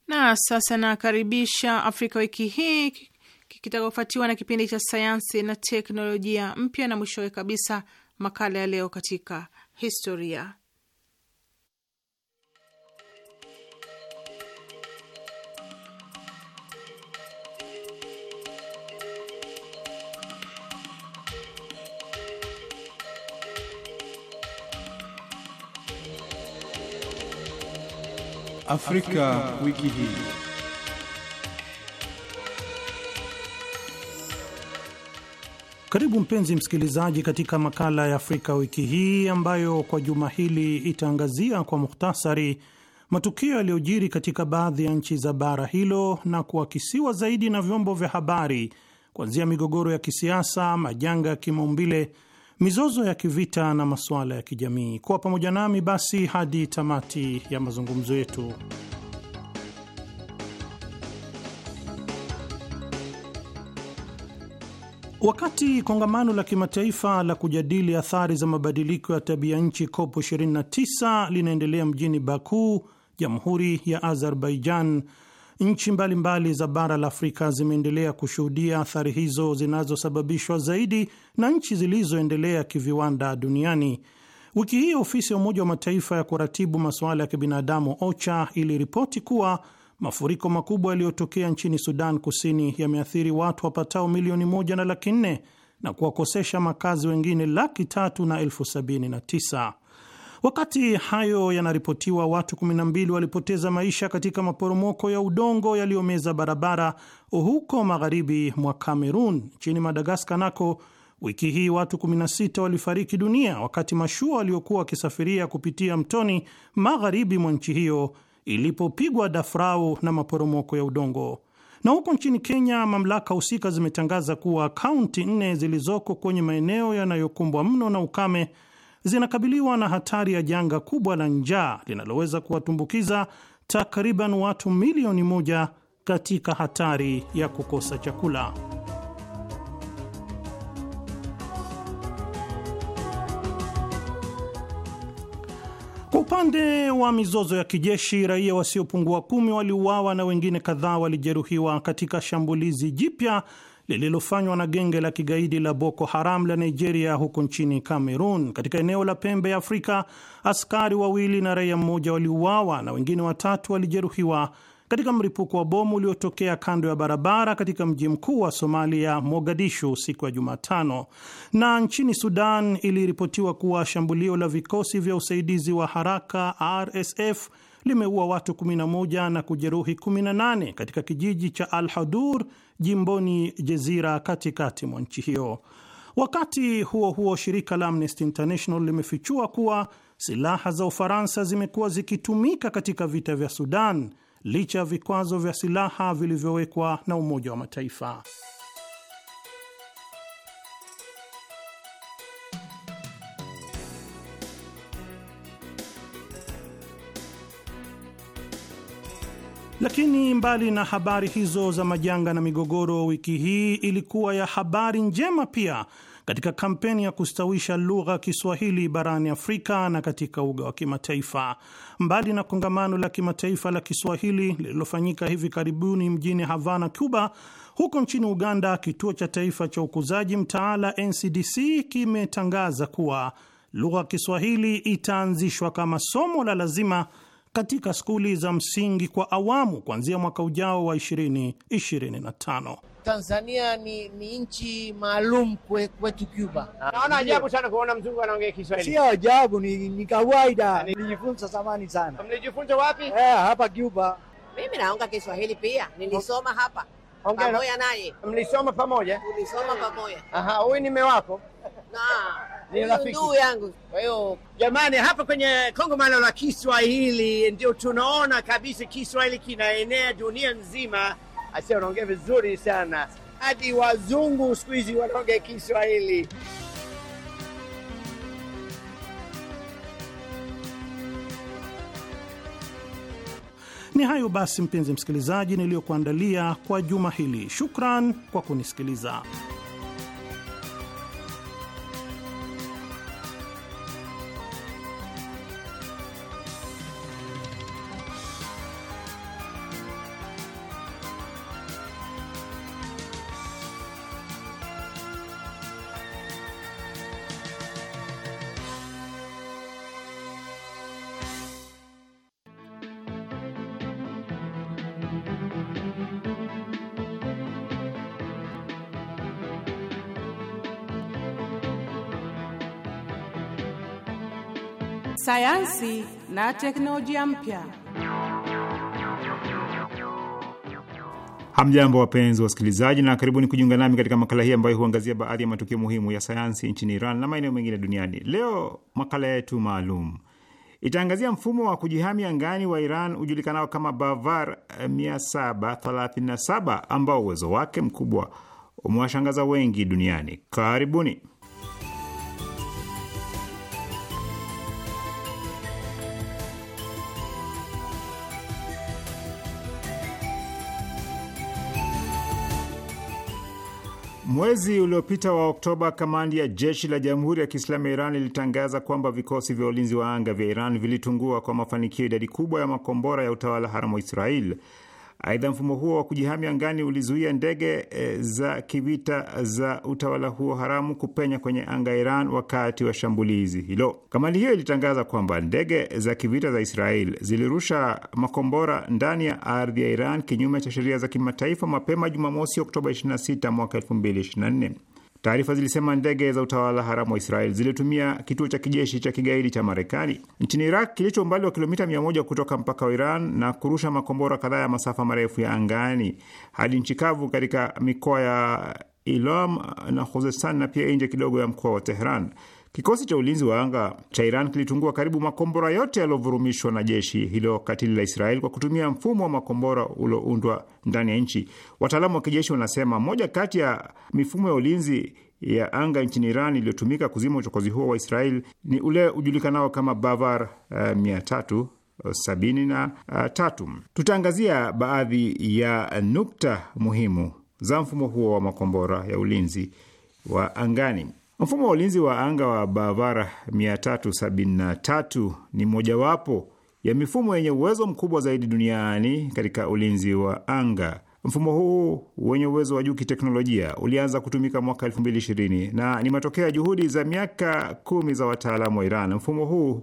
Na sasa nakaribisha Afrika wiki hii kitakofuatiwa na kipindi cha sayansi na teknolojia mpya, na mwishowe kabisa makala ya leo katika historia.
Afrika, wiki hii. Karibu mpenzi msikilizaji katika makala ya Afrika wiki hii ambayo kwa juma hili itaangazia kwa muhtasari matukio yaliyojiri katika baadhi ya nchi za bara hilo na kuakisiwa zaidi na vyombo vya habari kuanzia migogoro ya kisiasa, majanga ya kimaumbile mizozo ya kivita na masuala ya kijamii. Kuwa pamoja nami basi hadi tamati ya mazungumzo yetu. Wakati kongamano la kimataifa la kujadili athari za mabadiliko ya tabia nchi COP 29 linaendelea mjini Baku, Jamhuri ya Azerbaijan, Nchi mbalimbali za bara la Afrika zimeendelea kushuhudia athari hizo zinazosababishwa zaidi na nchi zilizoendelea kiviwanda duniani. Wiki hii ofisi ya Umoja wa Mataifa ya kuratibu masuala ya kibinadamu OCHA iliripoti kuwa mafuriko makubwa yaliyotokea nchini Sudan Kusini yameathiri watu wapatao milioni moja na laki nne na kuwakosesha makazi wengine laki tatu na elfu sabini na tisa. Wakati hayo yanaripotiwa, watu 12 walipoteza maisha katika maporomoko ya udongo yaliyomeza barabara huko magharibi mwa Kamerun. Nchini Madagaskar nako wiki hii watu 16 walifariki dunia wakati mashua waliokuwa wakisafiria kupitia mtoni magharibi mwa nchi hiyo ilipopigwa dafrau na maporomoko ya udongo. Na huko nchini Kenya, mamlaka husika zimetangaza kuwa kaunti nne zilizoko kwenye maeneo yanayokumbwa mno na ukame zinakabiliwa na hatari ya janga kubwa la njaa linaloweza kuwatumbukiza takriban watu milioni moja katika hatari ya kukosa chakula. Kwa upande wa mizozo ya kijeshi, raia wasiopungua kumi waliuawa na wengine kadhaa walijeruhiwa katika shambulizi jipya lililofanywa na genge la kigaidi la Boko Haram la Nigeria huko nchini Cameroon. Katika eneo la pembe ya Afrika, askari wawili na raia mmoja waliuawa na wengine watatu walijeruhiwa katika mlipuko wa bomu uliotokea kando ya barabara katika mji mkuu wa Somalia, Mogadishu, siku ya Jumatano. Na nchini Sudan iliripotiwa kuwa shambulio la vikosi vya usaidizi wa haraka RSF limeua watu 11 na kujeruhi 18 katika kijiji cha Al Hadur jimboni Jezira katikati mwa nchi hiyo. Wakati huo huo, shirika la Amnesty International limefichua kuwa silaha za Ufaransa zimekuwa zikitumika katika vita vya Sudan licha ya vikwazo vya silaha vilivyowekwa na Umoja wa Mataifa. Lakini mbali na habari hizo za majanga na migogoro, wiki hii ilikuwa ya habari njema pia katika kampeni ya kustawisha lugha Kiswahili barani Afrika na katika uga wa kimataifa. Mbali na kongamano la kimataifa la Kiswahili lililofanyika hivi karibuni mjini Havana, Cuba, huko nchini Uganda, kituo cha taifa cha ukuzaji mtaala NCDC kimetangaza kuwa lugha ya Kiswahili itaanzishwa kama somo la lazima katika skuli za msingi kwa awamu kuanzia mwaka ujao wa 2025.
Tanzania ni, ni nchi maalum kwetu Cuba. Naona ajabu
sana kuona mzungu anaongea Kiswahili. Sio
ajabu, ni, ni kawaida. Nilijifunza zamani sana. Mlijifunza wapi? Eh, hapa Cuba.
Mimi naonga Kiswahili pia, nilisoma hapa Hongera. Pamoja naye.
Mlisoma pamoja?
Mlisoma pamoja.
Aha, huyu ni mume wako? Ni rafiki yangu. Kwa hiyo jamani, hapa kwenye kongamano la Kiswahili ndio tunaona kabisa Kiswahili kinaenea dunia nzima. Asiye, unaongea vizuri sana, hadi wazungu siku hizi wanaongea Kiswahili.
Ni hayo basi, mpenzi msikilizaji, niliyokuandalia kwa juma hili. Shukran kwa kunisikiliza.
sayansi na teknolojia mpya.
Hamjambo, wapenzi wa wasikilizaji, na karibuni kujiunga nami katika makala hii ambayo huangazia baadhi ya matukio muhimu ya sayansi nchini Iran na maeneo mengine duniani. Leo makala yetu maalum itaangazia mfumo wa kujihami angani wa Iran ujulikanao kama Bavar 737 ambao uwezo wake mkubwa umewashangaza wengi duniani. Karibuni. Mwezi uliopita wa Oktoba, kamandi ya jeshi la jamhuri ya Kiislamu ya Iran ilitangaza kwamba vikosi vya ulinzi wa anga vya Iran vilitungua kwa mafanikio idadi kubwa ya makombora ya utawala haramu wa Israel Aidha, mfumo huo wa kujihami angani ulizuia ndege e, za kivita za utawala huo haramu kupenya kwenye anga ya Iran wakati wa shambulizi hilo. Kamandi hiyo ilitangaza kwamba ndege za kivita za Israel zilirusha makombora ndani ya ardhi ya Iran kinyume cha sheria za kimataifa mapema Jumamosi, Oktoba 26 mwaka 2024. Taarifa zilisema ndege za utawala haramu wa Israel zilitumia kituo cha kijeshi cha kigaidi cha Marekani nchini Iraq kilicho umbali wa kilomita 1 kutoka mpaka wa Iran na kurusha makombora kadhaa ya masafa marefu ya angani hadi nchi kavu katika mikoa ya Ilam na Khuzestan na pia nje kidogo ya mkoa wa Tehran. Kikosi cha ulinzi wa anga cha Iran kilitungua karibu makombora yote yaliyovurumishwa na jeshi hilo katili la Israeli kwa kutumia mfumo wa makombora ulioundwa ndani ya nchi. Wataalamu wa kijeshi wanasema moja kati ya mifumo ya ulinzi ya anga nchini Iran iliyotumika kuzima uchokozi huo wa Israeli ni ule ujulikanao kama Bavar uh, mia tatu eh, sabini na uh, tatu. Tutaangazia baadhi ya nukta muhimu za mfumo huo wa makombora ya ulinzi wa angani. Mfumo wa ulinzi wa anga wa Bavara 373 ni mojawapo ya mifumo yenye uwezo mkubwa zaidi duniani katika ulinzi wa anga. Mfumo huu wenye uwezo wa juu kiteknolojia ulianza kutumika mwaka 2020 na ni matokeo ya juhudi za miaka kumi za wataalamu wa Iran. Mfumo huu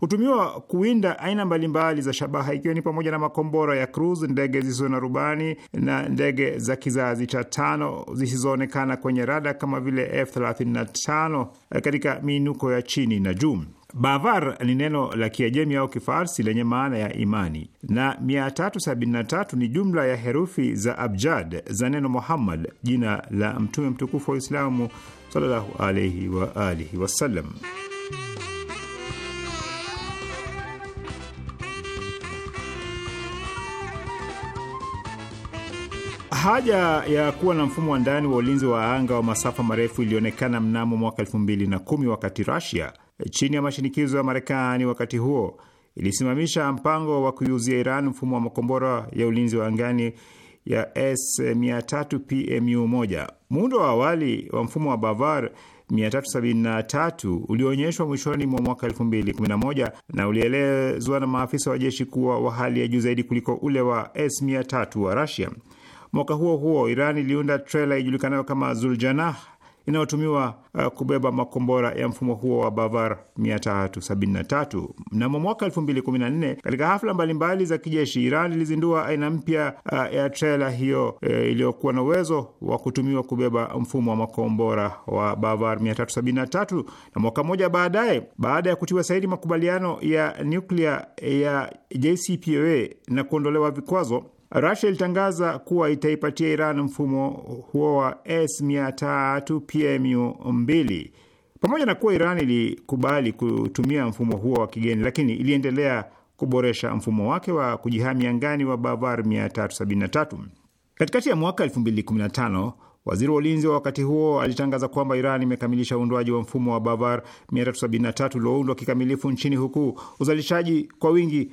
hutumiwa kuwinda aina mbalimbali za shabaha ikiwa ni pamoja na makombora ya cruise, ndege zisizo na rubani na ndege za kizazi cha tano zisizoonekana kwenye rada kama vile F35 katika miinuko ya chini na juu. Bavar ni neno la Kiajemi au Kifarsi lenye maana ya imani, na 373 ni jumla ya herufi za abjad za neno Muhammad, jina la Mtume mtukufu wa Uislamu sallallahu alaihi wa alihi wasallam. Haja ya kuwa na mfumo wa ndani wa ulinzi wa anga wa masafa marefu ilionekana mnamo mwaka elfu mbili na kumi wakati Russia chini ya mashinikizo ya Marekani wakati huo ilisimamisha mpango wa kuiuzia Iran mfumo wa makombora ya ulinzi wa angani ya S300 PMU1. Muundo wa awali wa mfumo wa Bavar 373 ulioonyeshwa mwishoni mwa mwaka 2011 na ulielezwa na maafisa wa jeshi kuwa wa hali ya juu zaidi kuliko ule wa S300 wa Russia. Mwaka huo huo, Iran iliunda trela ijulikanayo kama Zuljanah inayotumiwa uh, kubeba makombora ya mfumo huo wa Bavar 373. Mnamo mwaka 2014 katika hafla mbalimbali mbali za kijeshi, Iran ilizindua aina mpya uh, ya trela hiyo uh, iliyokuwa na uwezo wa kutumiwa kubeba mfumo wa makombora wa Bavar 373. Na mwaka mmoja baadaye, baada ya kutiwa saini makubaliano ya nyuklia ya JCPOA na kuondolewa vikwazo Rasia ilitangaza kuwa itaipatia Iran mfumo huo wa S300 PMU 2 pamoja na kuwa Iran ilikubali kutumia mfumo huo wa kigeni, lakini iliendelea kuboresha mfumo wake wa kujihami angani wa Bavar 373. Katikati ya mwaka 2015 waziri wa ulinzi wa wakati huo alitangaza kwamba Iran imekamilisha uundwaji wa mfumo wa Bavar 373 ulioundwa kikamilifu nchini, huku uzalishaji kwa wingi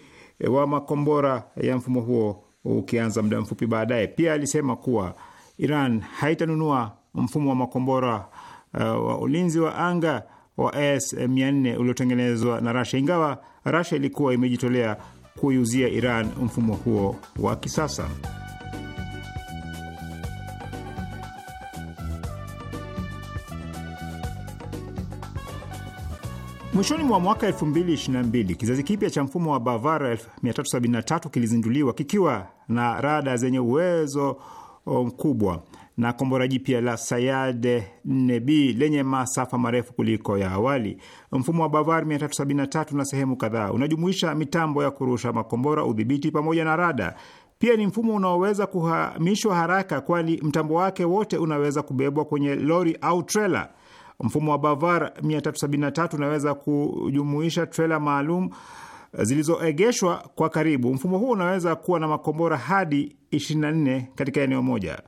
wa makombora ya mfumo huo ukianza muda mfupi baadaye. Pia alisema kuwa Iran haitanunua mfumo wa makombora uh, wa ulinzi wa anga wa s 400 uliotengenezwa na Rasia, ingawa Rasia ilikuwa imejitolea kuiuzia Iran mfumo huo wa kisasa. Mwishoni mwa mwaka 2022 kizazi kipya cha mfumo wa Bavara 1373 kilizinduliwa kikiwa na rada zenye uwezo mkubwa na kombora jipya la Sayad 4B lenye masafa marefu kuliko ya awali. Mfumo wa Bavar 373 na sehemu kadhaa unajumuisha mitambo ya kurusha makombora, udhibiti pamoja na rada. Pia ni mfumo unaoweza kuhamishwa haraka, kwani mtambo wake wote unaweza kubebwa kwenye lori au trela. Mfumo wa Bavar 373 unaweza kujumuisha trela maalum zilizoegeshwa kwa karibu. Mfumo huu unaweza kuwa na makombora hadi 24 katika eneo moja.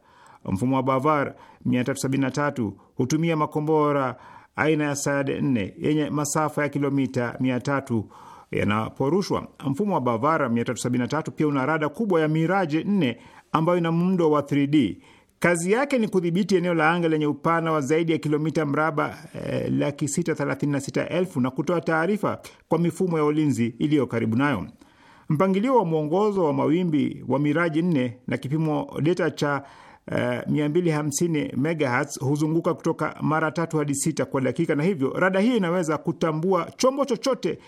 Mfumo wa Bavar 373 hutumia makombora aina ya Sayad 4 yenye masafa ya kilomita 300 yanaporushwa. Mfumo wa Bavara 373 pia una rada kubwa ya miraje 4 ambayo ina muundo wa 3D. Kazi yake ni kudhibiti eneo la anga lenye upana wa zaidi ya kilomita mraba eh, laki sita thelathini na sita elfu na kutoa taarifa kwa mifumo ya ulinzi iliyo karibu nayo. Mpangilio wa mwongozo wa mawimbi wa miraji nne na kipimo deta cha eh, 250 megahertz huzunguka kutoka mara tatu hadi sita kwa dakika, na hivyo rada hii inaweza kutambua chombo chochote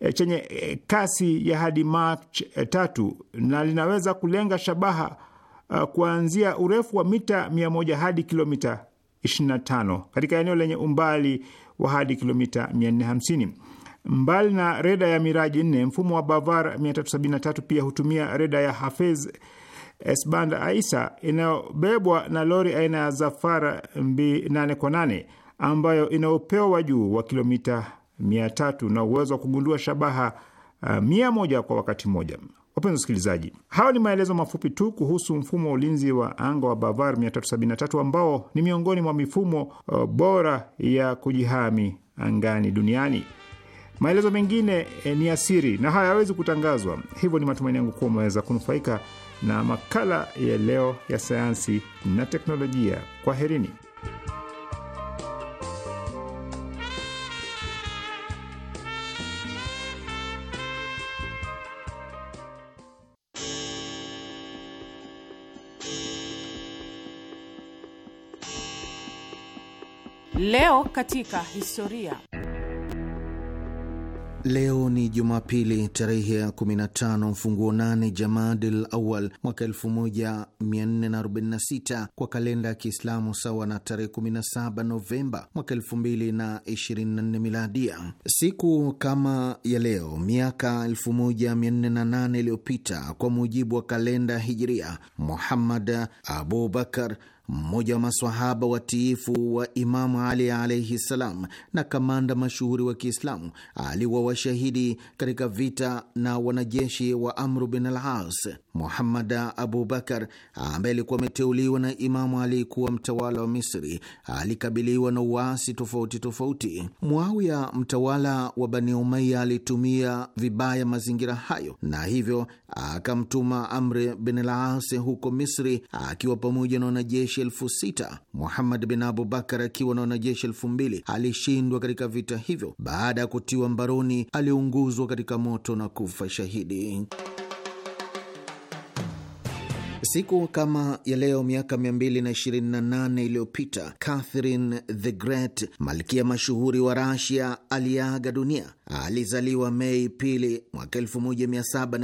eh, chenye eh, kasi ya hadi Mach eh, tatu na linaweza kulenga shabaha Uh, kuanzia urefu wa mita 100 hadi kilomita 25 katika eneo lenye umbali wa hadi kilomita 450. Mbali na reda ya Miraji 4, mfumo wa Bavar 373 pia hutumia reda ya Hafez Esband Aisa inayobebwa na lori aina ya Zafar 8 kwa 8 ambayo ina upeo wa juu wa kilomita 300 na uwezo wa kugundua shabaha uh, kwa wakati mmoja. Wapenzi wasikilizaji, hayo ni maelezo mafupi tu kuhusu mfumo wa ulinzi wa anga wa Bavar 373 ambao ni miongoni mwa mifumo uh, bora ya kujihami angani duniani. Maelezo mengine eh, ni asiri na hayawezi kutangazwa. Hivyo ni matumaini yangu kuwa umeweza kunufaika na makala ya leo ya sayansi na teknolojia. Kwaherini.
Leo katika historia.
Leo ni Jumapili tarehe ya 15 mfunguo nane Jamadil Awal mwaka 1446 kwa kalenda ya Kiislamu, sawa na tarehe 17 Novemba mwaka 2024 miladia. Siku kama ya leo miaka 1408 iliyopita, kwa mujibu wa kalenda Hijria, Muhammad Abubakar mmoja wa maswahaba watiifu wa Imamu Ali alaihi ssalam na kamanda mashuhuri wa Kiislamu, aliwawashahidi katika vita na wanajeshi wa Amru bin al As. Muhammad Abubakar ambaye alikuwa ameteuliwa na Imamu Ali kuwa mtawala wa Misri alikabiliwa na uasi tofauti tofauti. Muawiya, mtawala wa Bani Umaya, alitumia vibaya mazingira hayo, na hivyo akamtuma Amri bin Laas huko Misri akiwa pamoja na wanajeshi elfu sita. Muhammad bin Abubakar akiwa na wanajeshi elfu mbili alishindwa katika vita hivyo. Baada ya kutiwa mbaroni, aliunguzwa katika moto na kufa shahidi. Siku kama ya leo miaka 228 iliyopita Catherine the Great, malkia mashuhuri wa Rasia, aliaga dunia. Alizaliwa Mei pili mwaka saba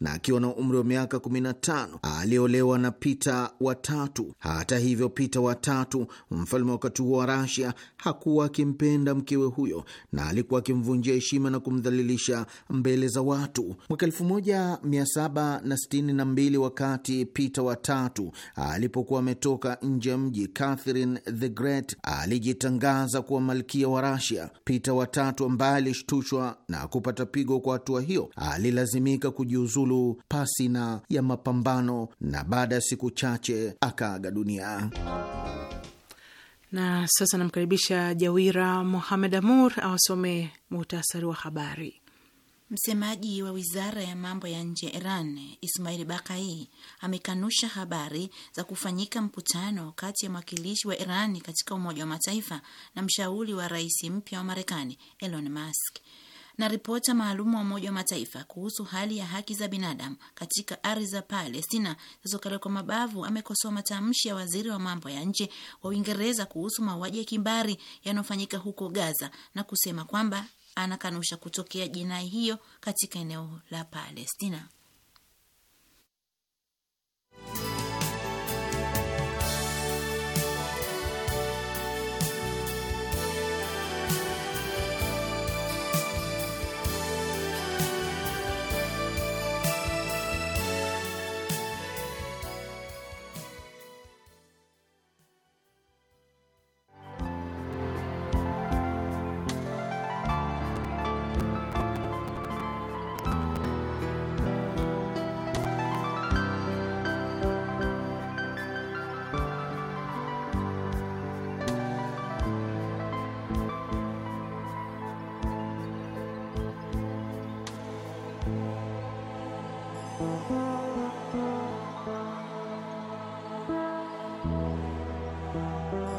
na akiwa na umri wa miaka tano aliolewa na Pita watatu. Hata hivyo, Pita watatu mfalme wakati huo wa Rasia hakuwa akimpenda mkewe huyo na alikuwa akimvunjia heshima na kumdhalilisha mbele za watu. Mwaka mbili wakati Pita watatu alipokuwa ametoka nje ya mji, Catherine the Great alijitangaza kuwa malkia wa Rasia. Pita watatu ambaye alishtushwa na kupata pigo kwa hatua hiyo, alilazimika kujiuzulu pasina ya mapambano, na baada ya siku chache akaaga dunia.
Na sasa namkaribisha Jawira Mohamed Amur awasome muhtasari wa habari. Msemaji wa wizara ya mambo ya nje ya Iran Ismail Bakai amekanusha habari za kufanyika mkutano kati ya mwakilishi wa Iran katika Umoja wa Mataifa na mshauri wa rais mpya wa Marekani Elon Musk na ripota maalumu wa Umoja wa Mataifa kuhusu hali ya haki za binadamu katika ardhi za Palestina zilizokaliwa kwa mabavu amekosoa matamshi ya waziri wa mambo ya nje wa Uingereza kuhusu mauaji ya kimbari yanayofanyika huko Gaza na kusema kwamba anakanusha kutokea jinai hiyo katika eneo la Palestina.